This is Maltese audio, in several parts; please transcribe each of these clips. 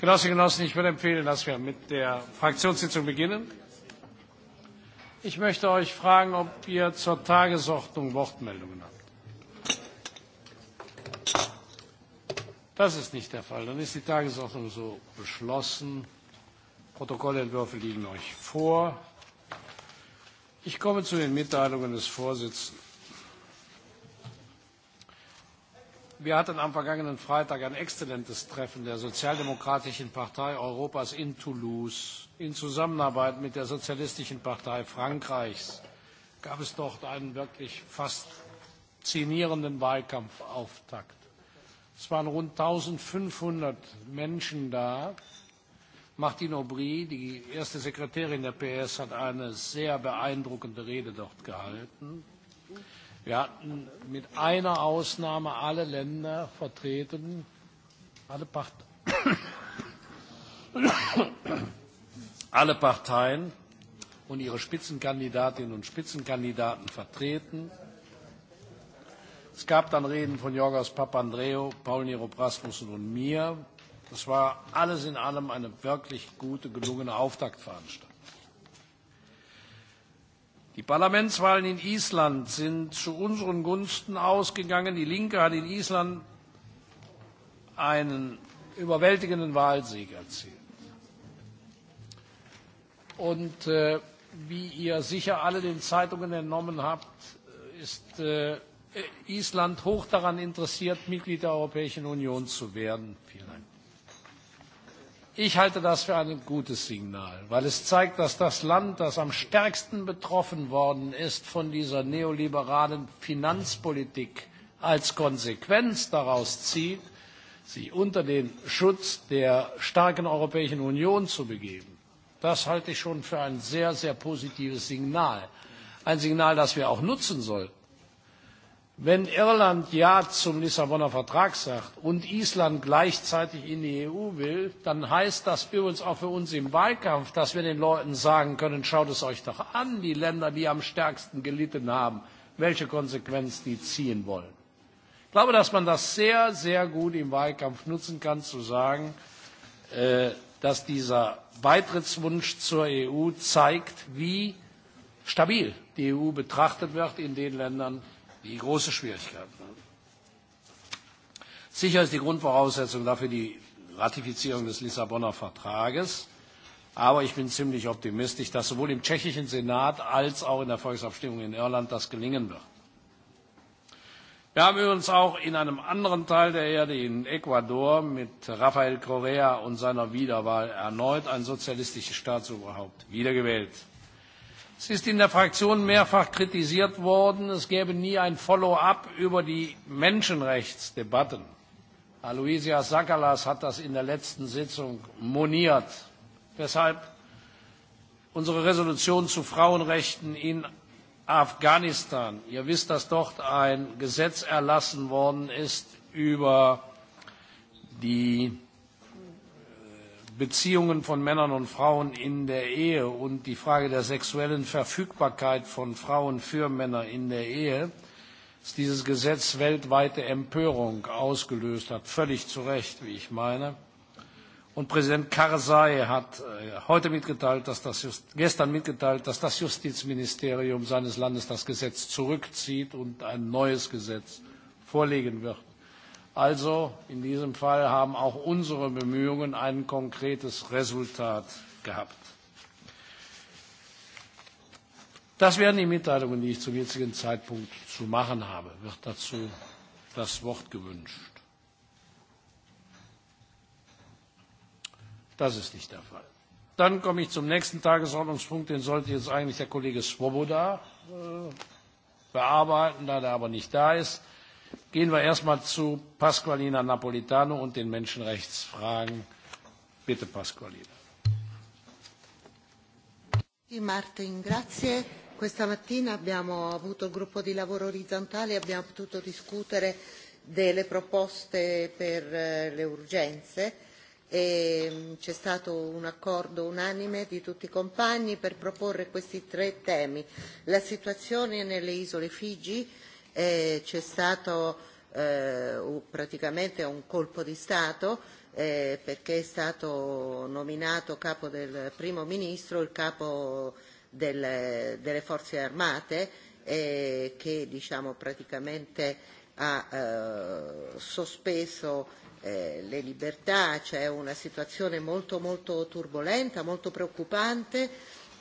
Genossinnen und Genossen, ich würde empfehlen, dass wir mit der Fraktionssitzung beginnen. Ich möchte euch fragen, ob ihr zur Tagesordnung Wortmeldungen habt. Das ist nicht der Fall. Dann ist die Tagesordnung so beschlossen. Protokollentwürfe liegen euch vor. Ich komme zu den Mitteilungen des Vorsitzenden. Wir hatten am vergangenen Freitag ein exzellentes Treffen der Sozialdemokratischen Partei Europas in Toulouse. In Zusammenarbeit mit der Sozialistischen Partei Frankreichs gab es dort einen wirklich faszinierenden Wahlkampfauftakt. Es waren rund 1500 Menschen da. Martine Aubry, die erste Sekretärin der PS, hat eine sehr beeindruckende Rede dort gehalten. Wir hatten mit einer Ausnahme alle Länder vertreten, alle, Part alle Parteien und ihre Spitzenkandidatinnen und Spitzenkandidaten vertreten. Es gab dann Reden von Jorgos Papandreou, Paul Nero Rasmussen und mir. Das war alles in allem eine wirklich gute, gelungene Auftaktveranstaltung. Die Parlamentswahlen in Island sind zu unseren Gunsten ausgegangen. Die Linke hat in Island einen überwältigenden Wahlsieg erzielt. Und äh, wie ihr sicher alle den Zeitungen entnommen habt, äh, ist äh, Island hoch daran interessiert, Mitglied der Europäischen Union zu werden. Vielen Dank. Ich halte das für ein gutes Signal, weil es zeigt, dass das Land, das am stärksten betroffen worden ist von dieser neoliberalen Finanzpolitik, als Konsequenz daraus zieht, sie unter den Schutz der starken Europäischen Union zu begeben. Das halte ich schon für ein sehr, sehr positives Signal. Ein Signal, das wir auch nutzen sollten. Wenn Irland Ja zum Lissabonner Vertrag sagt und Island gleichzeitig in die EU will, dann heißt das übrigens auch für uns im Wahlkampf, dass wir den Leuten sagen können, schaut es euch doch an, die Länder, die am stärksten gelitten haben, welche Konsequenz die ziehen wollen. Ich glaube, dass man das sehr, sehr gut im Wahlkampf nutzen kann, zu sagen, äh, dass dieser Beitrittswunsch zur EU zeigt, wie stabil die EU betrachtet wird in den Ländern, die große Schwierigkeit. Sicher ist die Grundvoraussetzung dafür die Ratifizierung des Lissabonner Vertrages. Aber ich bin ziemlich optimistisch, dass sowohl im tschechischen Senat als auch in der Volksabstimmung in Irland das gelingen wird. Wir haben übrigens auch in einem anderen Teil der Erde, in Ecuador, mit Rafael Correa und seiner Wiederwahl erneut ein sozialistisches Staatsoberhaupt wiedergewählt. Es ist in der Fraktion mehrfach kritisiert worden, es gäbe nie ein Follow-up über die Menschenrechtsdebatten. Aloysia Sakalas hat das in der letzten Sitzung moniert, weshalb unsere Resolution zu Frauenrechten in Afghanistan, ihr wisst, dass dort ein Gesetz erlassen worden ist über die Beziehungen von Männern und Frauen in der Ehe und die Frage der sexuellen Verfügbarkeit von Frauen für Männer in der Ehe dass dieses Gesetz weltweite Empörung ausgelöst hat, völlig zu Recht, wie ich meine. Und Präsident Karzai hat äh, heute mitgeteilt, dass das Just, gestern mitgeteilt, dass das Justizministerium seines Landes das Gesetz zurückzieht und ein neues Gesetz vorlegen wird. Also in diesem Fall haben auch unsere Bemühungen ein konkretes Resultat gehabt. Das wären die Mitteilungen, die ich zum jetzigen Zeitpunkt zu machen habe. Wird dazu das Wort gewünscht? Das ist nicht der Fall. Dann komme ich zum nächsten Tagesordnungspunkt, den sollte jetzt eigentlich der Kollege Swoboda äh, bearbeiten, da er aber nicht da ist. Gehen wir erstmal zu Pasqualina Napolitano und den Menschenrechtsfragen. Bitte, Pasqualina. Martin, grazie. Questa mattina abbiamo avuto il gruppo di lavoro orizzontale e abbiamo potuto discutere delle proposte per eh, le urgenze e mm, c'è stato un accordo unanime di tutti i compagni per proporre questi tre temi. La situazione nelle isole Figi, eh, c'è stato eh, praticamente un colpo di Stato eh, perché è stato nominato capo del primo ministro il capo del, delle forze armate eh, che diciamo praticamente ha eh, sospeso eh, le libertà, c'è cioè una situazione molto molto turbolenta, molto preoccupante,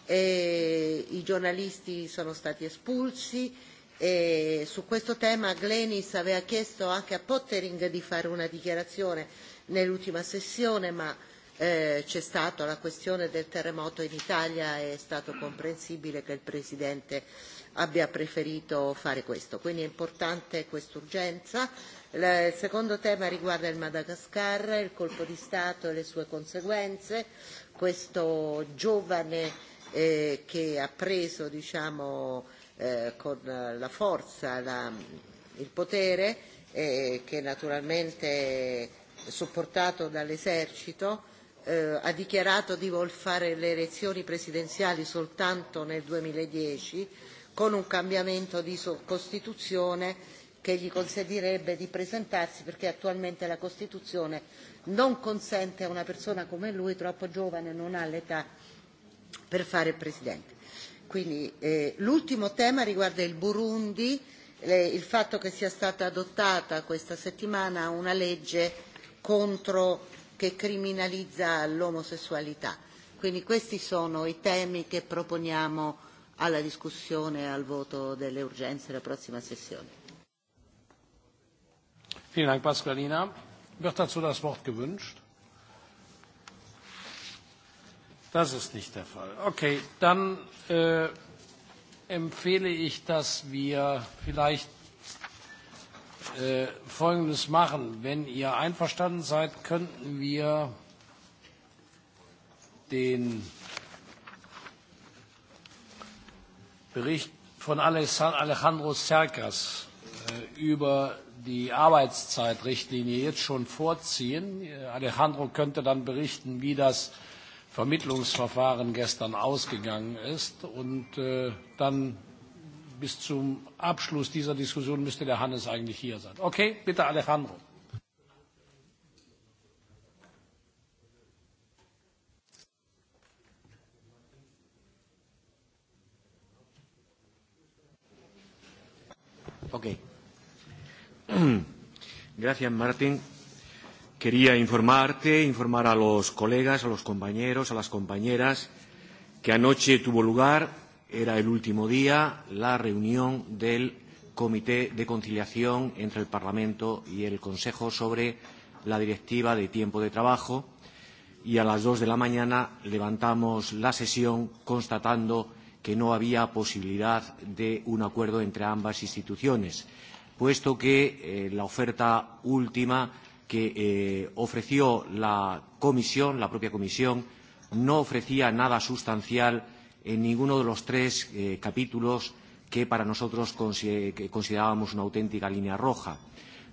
eh, i giornalisti sono stati espulsi, E su questo tema Glenis aveva chiesto anche a Pottering di fare una dichiarazione nell'ultima sessione, ma eh, c'è stata la questione del terremoto in Italia e è stato comprensibile che il Presidente abbia preferito fare questo. Quindi è importante quest'urgenza. Il secondo tema riguarda il Madagascar, il colpo di Stato e le sue conseguenze. Questo giovane eh, che ha preso diciamo, Eh, con la forza, la, il potere eh, che naturalmente supportato dall'esercito eh, ha dichiarato di voler fare le elezioni presidenziali soltanto nel 2010 con un cambiamento di Costituzione che gli consentirebbe di presentarsi perché attualmente la Costituzione non consente a una persona come lui troppo giovane, non ha l'età per fare il Presidente. Quindi eh, l'ultimo tema riguarda il Burundi, eh, il fatto che sia stata adottata questa settimana una legge contro, che criminalizza l'omosessualità. Quindi questi sono i temi che proponiamo alla discussione e al voto delle urgenze della prossima sessione. Vielen Dank, Pasqualina. Wird dazu das Wort gewünscht? Das ist nicht der Fall. Okay, dann äh, empfehle ich, dass wir vielleicht äh, Folgendes machen. Wenn ihr einverstanden seid, könnten wir den Bericht von Alejandro Cercas äh, über die Arbeitszeitrichtlinie jetzt schon vorziehen. Äh, Alejandro könnte dann berichten, wie das Vermittlungsverfahren gestern ausgegangen ist. Und äh, dann bis zum Abschluss dieser Diskussion müsste der Hannes eigentlich hier sein. Okay, bitte Alejandro. Okay. Gracias, Martín. Quería informarte, informar a los colegas, a los compañeros, a las compañeras, que anoche tuvo lugar, era el último día, la reunión del Comité de Conciliación entre el Parlamento y el Consejo sobre la Directiva de Tiempo de Trabajo y a las dos de la mañana levantamos la sesión constatando que no había posibilidad de un acuerdo entre ambas instituciones, puesto que eh, la oferta última que eh, ofreció la comisión, la propia comisión, no ofrecía nada sustancial en ninguno de los tres eh, capítulos que para nosotros considerábamos una auténtica línea roja.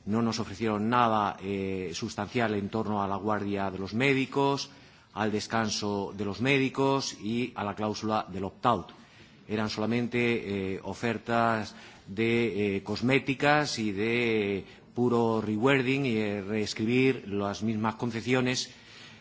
No nos ofrecieron nada eh, sustancial en torno a la guardia de los médicos, al descanso de los médicos y a la cláusula del opt-out. Eran solamente eh, ofertas de eh, cosméticas y de puro rewording y reescribir las mismas concepciones,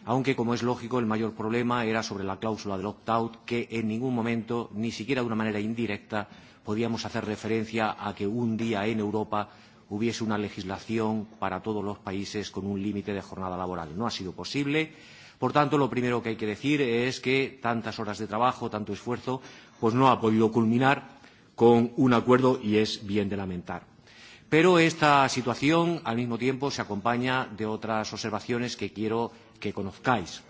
aunque, como es lógico, el mayor problema era sobre la cláusula del opt-out, que en ningún momento, ni siquiera de una manera indirecta, podíamos hacer referencia a que un día en Europa hubiese una legislación para todos los países con un límite de jornada laboral. No ha sido posible. Por tanto, lo primero que hay que decir es que tantas horas de trabajo, tanto esfuerzo, pues no ha podido culminar con un acuerdo y es bien de lamentar. Pero esta situación, al mismo tiempo, se acompaña de otras observaciones que quiero que conozcáis.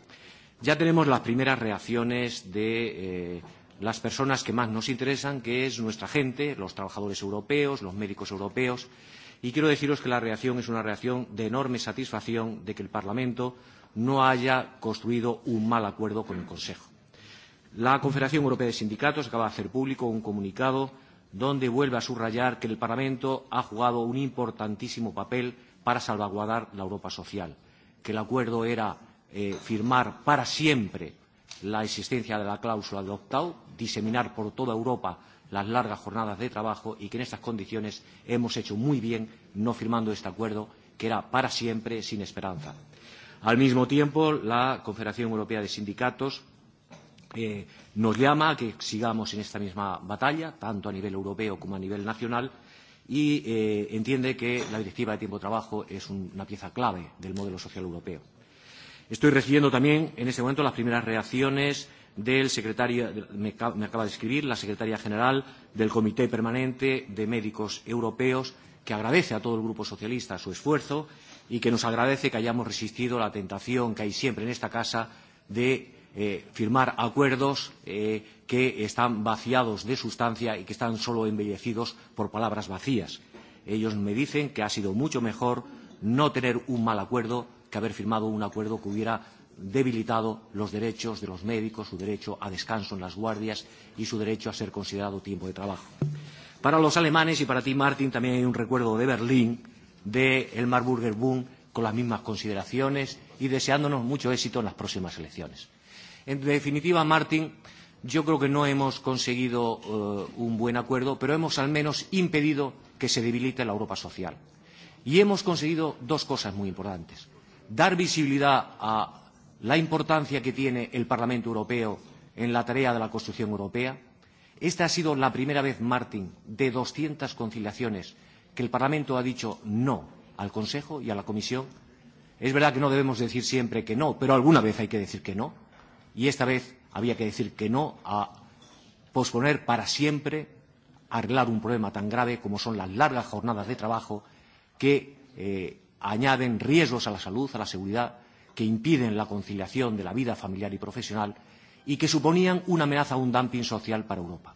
Ya tenemos las primeras reacciones de eh, las personas que más nos interesan, que es nuestra gente, los trabajadores europeos, los médicos europeos, y quiero deciros que la reacción es una reacción de enorme satisfacción de que el Parlamento no haya construido un mal acuerdo con el Consejo. La Confederación Europea de Sindicatos acaba de hacer público un comunicado donde vuelve a subrayar que el Parlamento ha jugado un importantísimo papel para salvaguardar la Europa social, que el acuerdo era eh, firmar para siempre la existencia de la cláusula de opt-out, diseminar por toda Europa las largas jornadas de trabajo y que en estas condiciones hemos hecho muy bien no firmando este acuerdo que era para siempre sin esperanza. Al mismo tiempo, la Confederación Europea de Sindicatos eh, nos llama a que sigamos en esta misma batalla, tanto a nivel europeo como a nivel nacional, y eh, entiende que la Directiva de Tiempo de Trabajo es un, una pieza clave del modelo social europeo. Estoy recibiendo también en este momento las primeras reacciones del secretario, me acaba de escribir, la secretaria general del Comité Permanente de Médicos Europeos, que agradece a todo el Grupo Socialista su esfuerzo y que nos agradece que hayamos resistido la tentación que hay siempre en esta casa de eh, firmar acuerdos eh, que están vaciados de sustancia y que están solo embellecidos por palabras vacías. Ellos me dicen que ha sido mucho mejor no tener un mal acuerdo que haber firmado un acuerdo que hubiera debilitado los derechos de los médicos, su derecho a descanso en las guardias y su derecho a ser considerado tiempo de trabajo. Para los alemanes y para ti, Martin, también hay un recuerdo de Berlín, del de Marburger Boom con las mismas consideraciones y deseándonos mucho éxito en las próximas elecciones. En definitiva, Martín, yo creo que no hemos conseguido eh, un buen acuerdo, pero hemos al menos impedido que se debilite la Europa social. Y hemos conseguido dos cosas muy importantes. Dar visibilidad a la importancia que tiene el Parlamento Europeo en la tarea de la construcción europea. Esta ha sido la primera vez, Martín, de 200 conciliaciones que el Parlamento ha dicho no al Consejo y a la Comisión. Es verdad que no debemos decir siempre que no, pero alguna vez hay que decir que no y esta vez había que decir que no a posponer para siempre arreglar un problema tan grave como son las largas jornadas de trabajo que eh, añaden riesgos a la salud, a la seguridad, que impiden la conciliación de la vida familiar y profesional y que suponían una amenaza a un dumping social para Europa.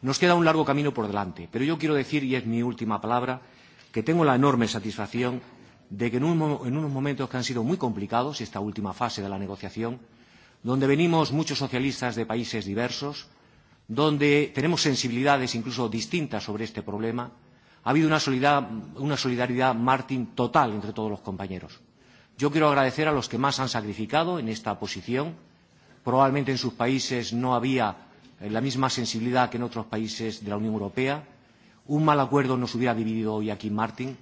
Nos queda un largo camino por delante, pero yo quiero decir, y es mi última palabra, que tengo la enorme satisfacción de que en, un, en unos momentos que han sido muy complicados, esta última fase de la negociación, donde venimos muchos socialistas de países diversos, donde tenemos sensibilidades incluso distintas sobre este problema, ha habido una solidaridad, una solidaridad Martin total entre todos los compañeros. Yo quiero agradecer a los que más han sacrificado en esta posición. Probablemente en sus países no había eh, la misma sensibilidad que en otros países de la Unión Europea. Un mal acuerdo nos hubiera dividido hoy aquí Martin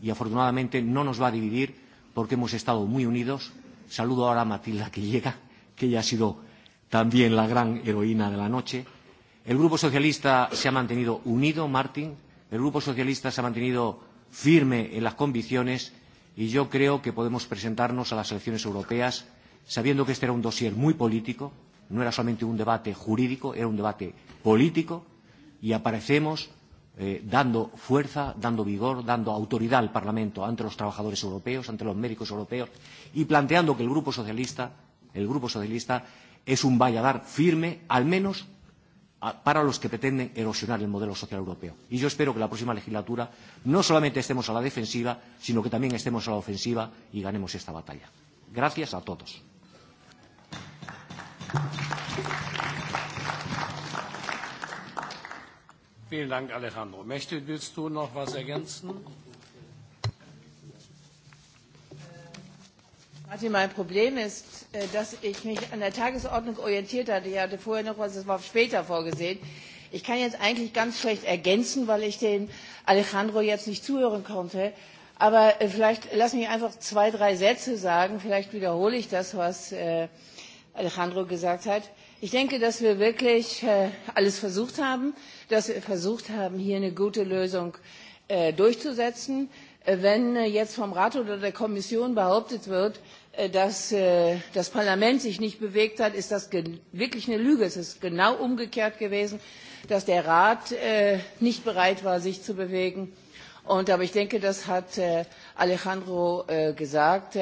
y afortunadamente no nos va a dividir porque hemos estado muy unidos. Saludo ahora a Matilda que llega que ella ha sido también la gran heroína de la noche. El Grupo Socialista se ha mantenido unido, Martín. El Grupo Socialista se ha mantenido firme en las convicciones y yo creo que podemos presentarnos a las elecciones europeas sabiendo que este era un dossier muy político, no era solamente un debate jurídico, era un debate político y aparecemos eh, dando fuerza, dando vigor, dando autoridad al Parlamento ante los trabajadores europeos, ante los médicos europeos y planteando que el Grupo Socialista el Grupo Socialista es un valladar firme, al menos para los que pretenden erosionar el modelo social europeo. Y yo espero que la próxima legislatura no solamente estemos a la defensiva, sino que también estemos a la ofensiva y ganemos esta batalla. Gracias a todos. Vielen Dank, Alejandro. Möchtest du noch was ergänzen? sagte, mein Problem ist, äh, dass ich mich an der Tagesordnung orientiert hatte. Ich hatte vorher noch was, das war später vorgesehen. Ich kann jetzt eigentlich ganz schlecht ergänzen, weil ich den Alejandro jetzt nicht zuhören konnte. Aber äh, vielleicht lass mich einfach zwei, drei Sätze sagen. Vielleicht wiederhole ich das, was äh, Alejandro gesagt hat. Ich denke, dass wir wirklich alles versucht haben, dass wir versucht haben, hier eine gute Lösung durchzusetzen. Wenn jetzt vom Rat oder der Kommission behauptet wird, Äh, dass äh, das Parlament sich nicht bewegt hat, ist das wirklich eine Lüge. Es ist genau umgekehrt gewesen, dass der Rat äh, nicht bereit war, sich zu bewegen. Und, aber ich denke, das hat Alejandro gesagt.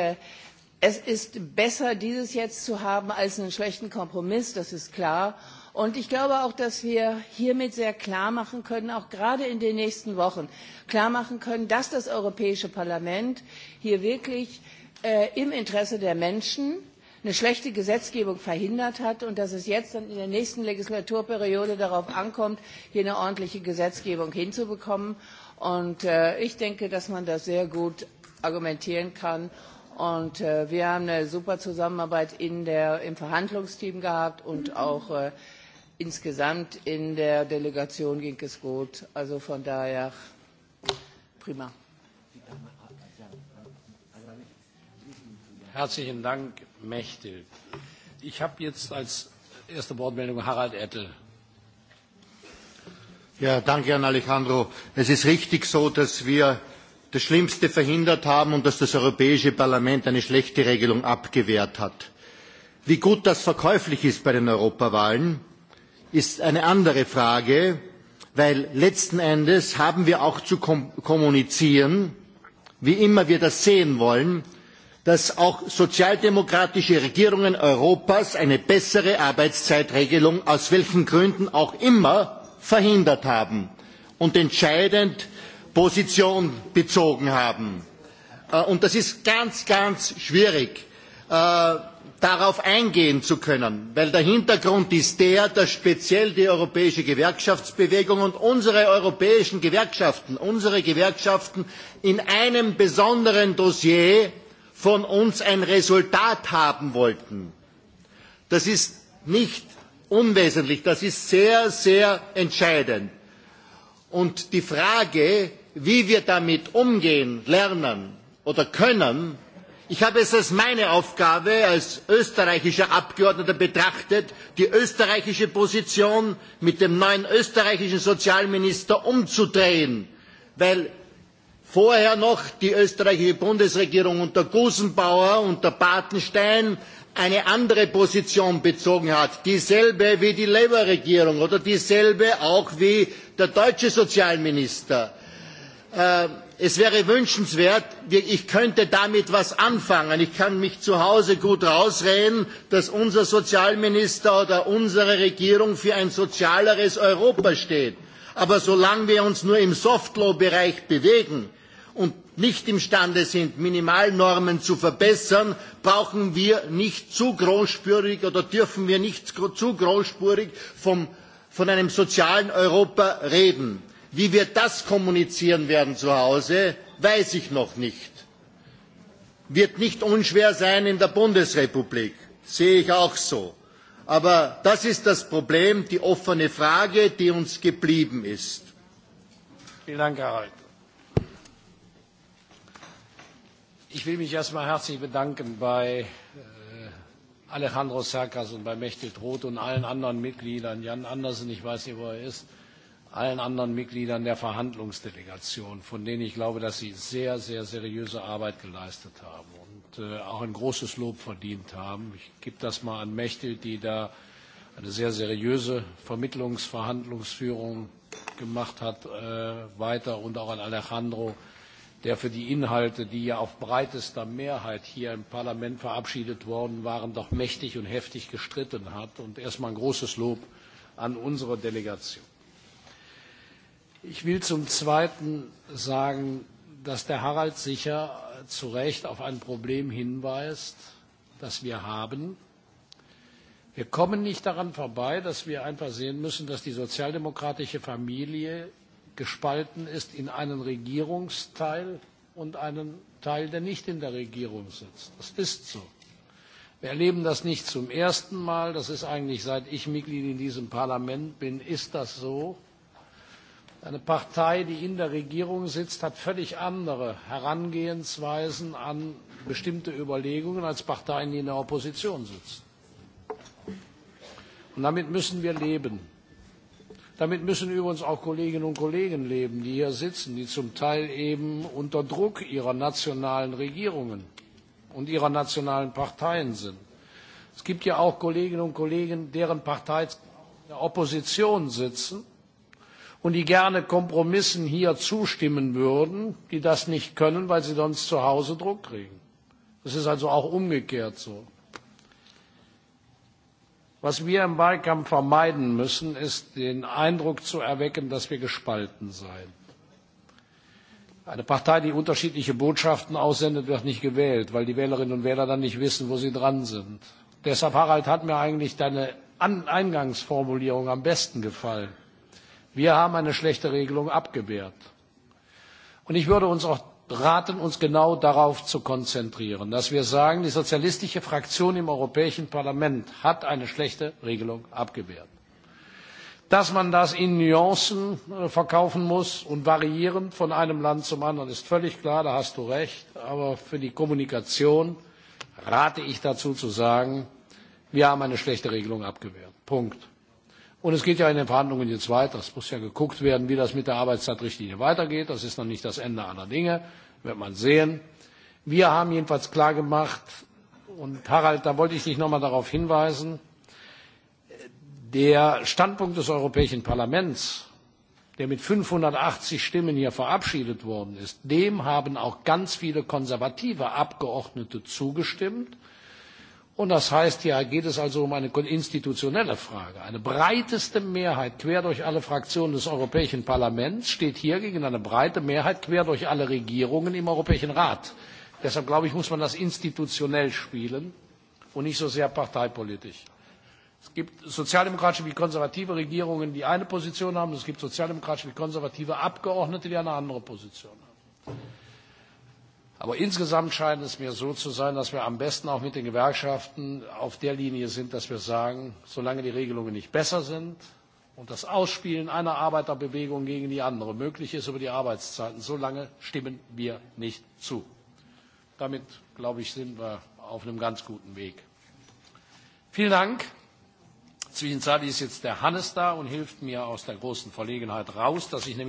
Es ist besser, dieses jetzt zu haben, als einen schlechten Kompromiss, das ist klar. Und ich glaube auch, dass wir hiermit sehr klar machen können, auch gerade in den nächsten Wochen, klar machen können, dass das Europäische Parlament hier wirklich äh, im Interesse der Menschen eine schlechte Gesetzgebung verhindert hat und dass es jetzt dann in der nächsten Legislaturperiode darauf ankommt, hier eine ordentliche Gesetzgebung hinzubekommen. Und äh, ich denke, dass man das sehr gut argumentieren kann. Und äh, wir haben eine super Zusammenarbeit in der, im Verhandlungsteam gehabt und auch äh, insgesamt in der Delegation ging es gut. Also von daher prima. Herzlichen Dank, Mechte. Ich habe jetzt als erste Wortmeldung Harald Ettel. Ja, danke an Alejandro. Es ist richtig so, dass wir das Schlimmste verhindert haben und dass das Europäische Parlament eine schlechte Regelung abgewehrt hat. Wie gut das verkäuflich ist bei den Europawahlen, ist eine andere Frage, weil letzten Endes haben wir auch zu kom kommunizieren, wie immer wir das sehen wollen, dass auch sozialdemokratische Regierungen Europas eine bessere Arbeitszeitregelung aus welchen Gründen auch immer verhindert haben und entscheidend Position bezogen haben. Äh, und das ist ganz, ganz schwierig, äh, darauf eingehen zu können, weil der Hintergrund ist der, dass speziell die europäische Gewerkschaftsbewegung und unsere europäischen Gewerkschaften, unsere Gewerkschaften in einem besonderen Dossier von uns ein Resultat haben wollten. Das ist nicht unwesentlich, das ist sehr, sehr entscheidend. Und die Frage, wie wir damit umgehen, lernen oder können, ich habe es als meine Aufgabe als österreichischer Abgeordneter betrachtet, die österreichische Position mit dem neuen österreichischen Sozialminister umzudrehen, weil vorher noch die österreichische Bundesregierung unter Gusenbauer, unter Bartenstein eine andere Position bezogen hat, dieselbe wie die Labour-Regierung oder dieselbe auch wie der deutsche Sozialminister. Äh, es wäre wünschenswert, ich könnte damit was anfangen. Ich kann mich zu Hause gut rausreden, dass unser Sozialminister oder unsere Regierung für ein sozialeres Europa steht. Aber solange wir uns nur im Softlaw-Bereich bewegen, und nicht imstande sind, Minimalnormen zu verbessern, brauchen wir nicht zu großspurig oder dürfen wir nicht zu großspurig vom, von einem sozialen Europa reden. Wie wir das kommunizieren werden zu Hause, weiß ich noch nicht. Wird nicht unschwer sein in der Bundesrepublik, sehe ich auch so. Aber das ist das Problem, die offene Frage, die uns geblieben ist. Vielen Dank, Herr Reiter. Ich will mich erstmal herzlich bedanken bei äh, Alejandro Serkas und bei Mechtel Roth und allen anderen Mitgliedern, Jan Andersen, ich weiß nicht, wo er ist, allen anderen Mitgliedern der Verhandlungsdelegation, von denen ich glaube, dass sie sehr, sehr seriöse Arbeit geleistet haben und äh, auch ein großes Lob verdient haben. Ich gebe das mal an Mechtel, die da eine sehr seriöse Vermittlungsverhandlungsführung gemacht hat, äh, weiter und auch an Alejandro, der für die Inhalte, die ja auf breitester Mehrheit hier im Parlament verabschiedet worden waren, doch mächtig und heftig gestritten hat. Und erstmal ein großes Lob an unsere Delegation. Ich will zum Zweiten sagen, dass der Harald sicher zu Recht auf ein Problem hinweist, das wir haben. Wir kommen nicht daran vorbei, dass wir einfach sehen müssen, dass die sozialdemokratische Familie gespalten ist in einen Regierungsteil und einen Teil, der nicht in der Regierung sitzt. Das ist so. Wir erleben das nicht zum ersten Mal. Das ist eigentlich, seit ich Mitglied in diesem Parlament bin, ist das so. Eine Partei, die in der Regierung sitzt, hat völlig andere Herangehensweisen an bestimmte Überlegungen als Parteien, die in der Opposition sitzen. Und damit müssen wir leben. Damit müssen übrigens auch Kolleginnen und Kollegen leben, die hier sitzen, die zum Teil eben unter Druck ihrer nationalen Regierungen und ihrer nationalen Parteien sind. Es gibt ja auch Kolleginnen und Kollegen, deren Partei der Opposition sitzen und die gerne Kompromissen hier zustimmen würden, die das nicht können, weil sie sonst zu Hause Druck kriegen. Es ist also auch umgekehrt so. Was wir im Wahlkampf vermeiden müssen, ist den Eindruck zu erwecken, dass wir gespalten seien. Eine Partei, die unterschiedliche Botschaften aussendet, wird nicht gewählt, weil die Wählerinnen und Wähler dann nicht wissen, wo sie dran sind. Deshalb, Harald, hat mir eigentlich deine Eingangsformulierung am besten gefallen. Wir haben eine schlechte Regelung abgewehrt. Und ich würde uns auch raten, uns genau darauf zu konzentrieren, dass wir sagen, die sozialistische Fraktion im Europäischen Parlament hat eine schlechte Regelung abgewehrt. Dass man das in Nuancen äh, verkaufen muss und variieren von einem Land zum anderen, ist völlig klar, da hast du recht. Aber für die Kommunikation rate ich dazu zu sagen, wir haben eine schlechte Regelung abgewehrt. Punkt. Und es geht ja in den Verhandlungen jetzt weiter. Es muss ja geguckt werden, wie das mit der Arbeitszeitrichtlinie weitergeht. Das ist noch nicht das Ende aller Dinge. Wird man sehen. Wir haben jedenfalls klar gemacht, und Harald, da wollte ich dich nochmal darauf hinweisen, der Standpunkt des Europäischen Parlaments, der mit 580 Stimmen hier verabschiedet worden ist, dem haben auch ganz viele konservative Abgeordnete zugestimmt. Und das heißt, hier geht es also um eine institutionelle Frage. Eine breiteste Mehrheit quer durch alle Fraktionen des Europäischen Parlaments steht hier gegen eine breite Mehrheit quer durch alle Regierungen im Europäischen Rat. Deshalb glaube ich, muss man das institutionell spielen und nicht so sehr parteipolitisch. Es gibt sozialdemokratische wie konservative Regierungen, die eine Position haben, und es gibt sozialdemokratische wie konservative Abgeordnete, die eine andere Position haben. Aber insgesamt scheint es mir so zu sein, dass wir am besten auch mit den Gewerkschaften auf der Linie sind, dass wir sagen, solange die Regelungen nicht besser sind und das Ausspielen einer Arbeiterbewegung gegen die andere möglich ist über die Arbeitszeiten, solange stimmen wir nicht zu. Damit, glaube ich, sind wir auf einem ganz guten Weg. Vielen Dank. Zwischenzeitlich ist jetzt der Hannes da und hilft mir aus der großen Verlegenheit raus, dass ich nämlich